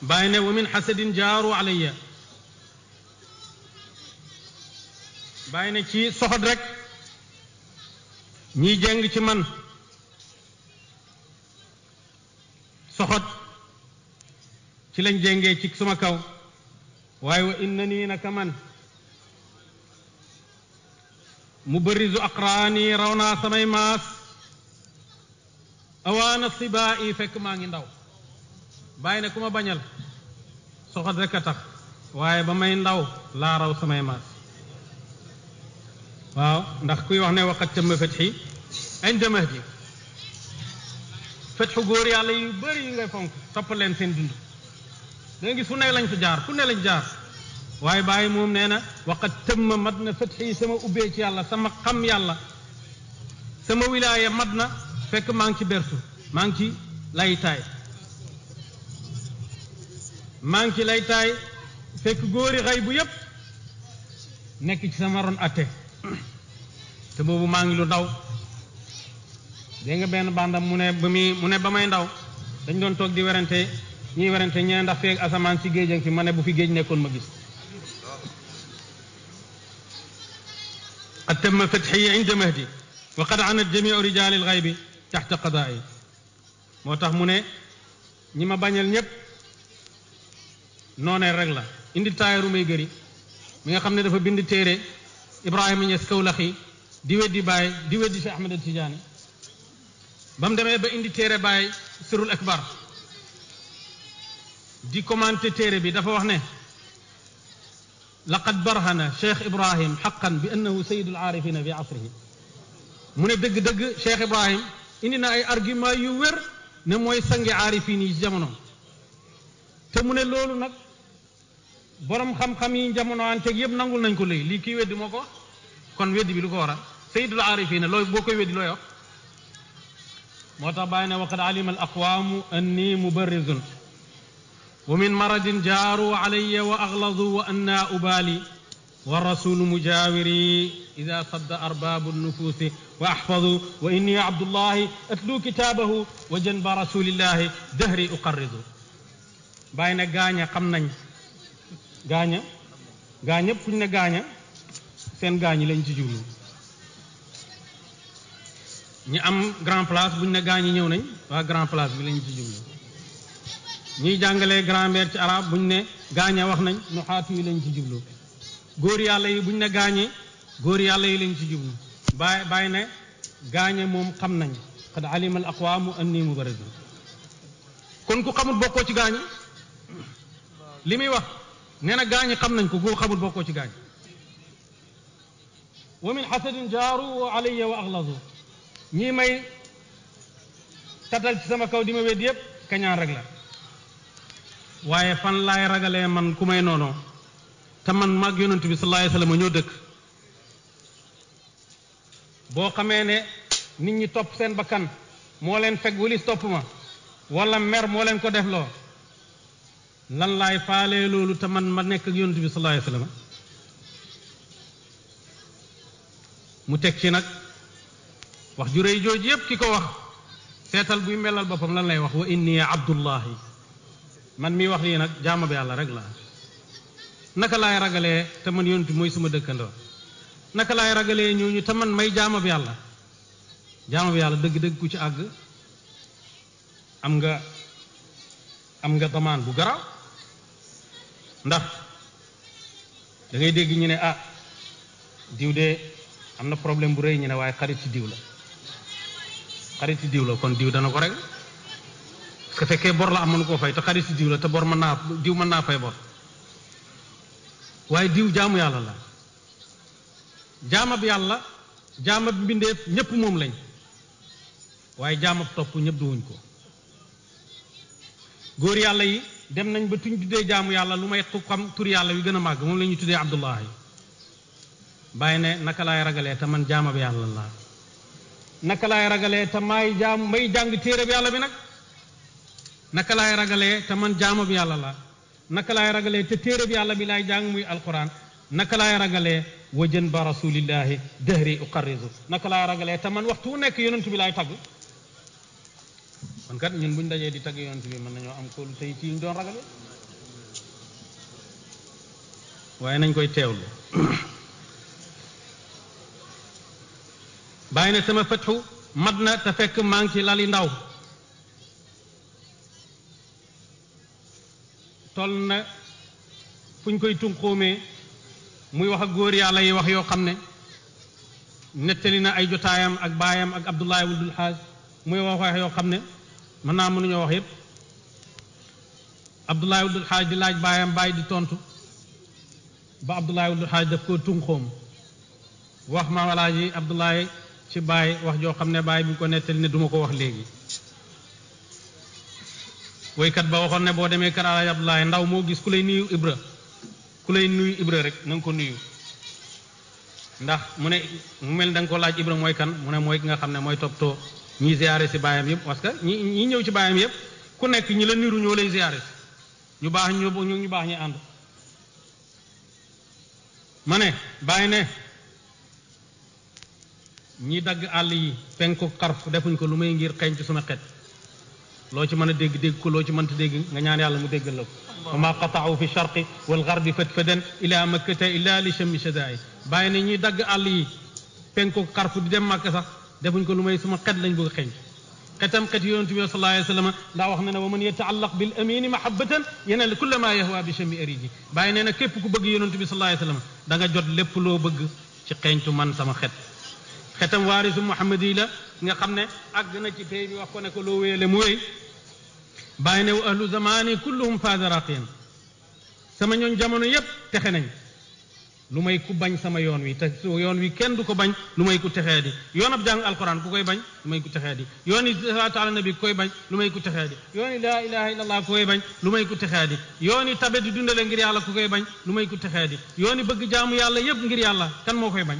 bàyyi ne wa min xasadin jaaru alayya baay na ci soxot rek ñiy jeng ci man soxot ci lañ jéngee ci suma kaw waaye wa inna nii naka man mu bërisu aqraani raw naa samay maas awaana sibaa yi fekk maa ngi ndaw bàyyi ne ku ma bañal soxal rek tax waaye ba may ndaw laa raw samay maas waaw ndax kuy wax ne waqat tëmma ay inda mahdi fetxu góor yàlla yu bëri yi ngay fonk topp leen seen dund da ngi fu ne lañ fi jaar fu ne lañ jaar waaye bàyyi moom nee na waqat tëmma mat na fetxi sama ubbee ci yàlla sama xam yàlla sama wilaaya mat na fekk maa ngi ci bertu maa ngi ci laytaay maa ngi ci lay taay fekk góori xay yépp nekk ci sama ron atte te boobu maa ngi lu ndaw dégg nga benn bandam mu ne ba muy mu ne ba may ndaw dañ doon toog di werante ñuy werante ñee ndax feeg asamaan si géej ak fi ma ne bu fi géej nekkoon ma gis atama fatxiya inda mahdi wa qad anat jamiu rijaali alxaybi taxta qadaayi moo tax mu ne ñi ma bañal ñépp noonee rek la indi taayaru may gëri mi nga xam ne dafa bind téere Ibrahima Ñas Kawlaxi di weddi Baay di weddi Cheikh Ahmed Tidiane ba mu demee ba indi téere Baay Sirul Akbar di commenté téere bi dafa wax ne laqad barhana Cheikh Ibrahim xaqan bi annahu sayidul aarifina fi asrihi mu ne dëgg-dëgg Cheikh Ibrahim indi na ay argument yu wér ne mooy sangi aarifin yi ci jamono te mu loolu nag borom xam-xam yi jamono anteeg yëpp nangul nañ ko léegi lii kii weddi moo ko kon weddi bi lu ko waral sayyidul aarifina looy boo koy weddi looy wax moo tax bàyyi ne waqad alima al aqwaamu anni mubarrizun wa min maradin jaaru alayya wa axladu wa anna ubaali wa rasulu mujaawiri ida sadda arbaabu nufuusi wa axfadu wa inni abdullahi atlu kitaabahu wa janba rasulillahi dahri uqarridu bàyyi ne gaaña xam nañ gaaña gaañ ñëpp fu ñu ne gaaña seen gaañ yi lañ ci jublu ñi am grand place bu ne gaañ ñëw nañ waa grand place bi lañ ci jublu ñuy jàngalee grammaire ci arab bu ne gaaña wax nañ nu xaatu yi lañ ci jublu góor yàlla yi bu ne gaañe góor yàlla yi lañ ci jublu bàyyi bàyyi ne gaañe moom xam nañ xad alimal aqwaamu anni mubarazun kon ku xamul bokkoo ci gaañe li muy wax nee na gaañi xam nañ ko koo xamul bokkoo ci gaañ wa min xasadin jaaru alayya wa axladu ñii may tatal ci sama kaw di ma wéet yépp kañaan rek la waaye fan laay ragalee man ku may noonu te man maag yonent bi sallallahu alayhi wasallam ñoo dëkk boo xamee ne nit ñi topp seen bakkan moo leen fekk walis topp ma wala mer moo leen ko defloo lan laay faalee loolu te man ma nekk ak yonent bi sallallahu alayhi mu teg ci nag wax ju rëy jooju yépp ki ko wax seetal buy melal boppam lan lay wax wa inni abdullahi man mii wax lii nag jaama bi yàlla rek la naka laay ragale te man yonent mooy suma dëkkandoo naka laay ragalee ñooñu te man may jaama bi yàlla jaama bi yàlla dëgg-dëgg ku ci àgg am nga am nga damaan bu garaaw ndax dangay dégg ñu ne ah diw de am na problème bu rëy ñu ne waaye xarit diw la xarit diw la kon diw dana ko rek parce que fekkee bor la am mënu koo fay te xarit diw la te bor mën naa diw mën naa fay bor waaye diw jaamu yàlla la jaamab yàlla jaamab mbindeef ñépp moom lañ waaye jaamab topp ñépp duwuñ ko góor yàlla yi dem nañ ba tuñ tuddee jaamu yàlla lu may xam tur yàlla yu gën a màgg moom la ñuy tuddee Abdullahi bàyyi ne naka laay ragalee te man jaamab yàlla laa laay ragalee te maay jaam may jàng téere bi yàlla bi nag naka laay ragalee te man jaama bi yàlla la naka laay ragalee te téere bi yàlla bi laay jàng muy alquran naka laay ragalee wajan ba rasulillahi dahri uqarrizu naka laay ragalee te man waxtu wu nekk yonentu bi laay tagg kon kat ñun ñu dajee di tagg yonent bi mën nañoo am kóolu tey ci ñu doon ragale waaye nañ koy teewlu bàyyi na sama fatxu mat na te fekk maa ngi ci ndaw toll na fu ñu koy tunqoomee muy wax ak góor yàlla yi wax yoo xam ne nettali na ay jotaayam ak baayam ak abdullahi wuldul xaaj muy wax wax yoo xam ne mën naa mënuñoo wax yëpp abdoulaye wul xaaj di laaj baayam baay di tontu ba abdoulaye wul xaaj daf koo tunxoom wax ma walaa ji abdoulaye ci baay wax joo xam ne baay bi ko nettali ne duma ko wax léegi woykat ba waxoon ne boo demee kër alaaj abdoulaye ndaw moo gis ku lay nuyu ibra ku lay nuyu ibra rek na ko nuyu ndax mu ne mu mel da nga ko laaj ibra mooy kan mu ne mooy ki nga xam ne mooy too ñi ziare si baayam yëpp parce que ñi ñi ñëw ci baayam yëpp ku nekk ñi la niru ñoo lay ziare si ñu baax ñu ñu baax ñu ànd ma ne bàyyi ne ñi dagg àll yi penku xarf defuñ ko lu may ngir xeeñ ci suma xet loo ci mën a dégg dégg ko loo ci mënta dégg nga ñaan yàlla mu déggal la ko wa ma qataaw fi sharqi wal garbi fatfadan ila makkata illa li chammi shadaai bàyyi ne ñi dagg àll yi penku xarf di dem màkk sax defuñ ko lu may suma xet lañ bëgg xeeñ xetam xet yoon bi sallallahu alayhi wa sallam ndax wax na ne wa man yataallaq bil amini mahabbatan yenal kulla ma yahwa bi chami ariji bàyyi nee na képp ku bëgg yonent bi sallallahu alayhi wa sallam da nga jot lépp loo bëgg ci xeeñtu man sama xet xetam waarisu muhammad yi la nga xam ne àgg na ci tey bi wax ko ne ko loo wéyale mu wéy bàyyi ne wa ahlu zamani kulluhum faada raqiyan sama ñooñ jamono yépp texe nañ lu may ku bañ sama yoon wi te yoon wi kenn du ko bañ lu may ku texee di yoon ab jàng alquran ku koy bañ may ku texee di yoon yi salaatu ala nabi koy bañ lu may ku texee di yoon yi laa ilaha illa allah ku koy bañ lu may ku texee di yoon yi tabe di ngir yàlla ku koy bañ lu may ku texee di yoon yi bëgg jaamu yàlla yépp ngir yàlla kan moo koy bañ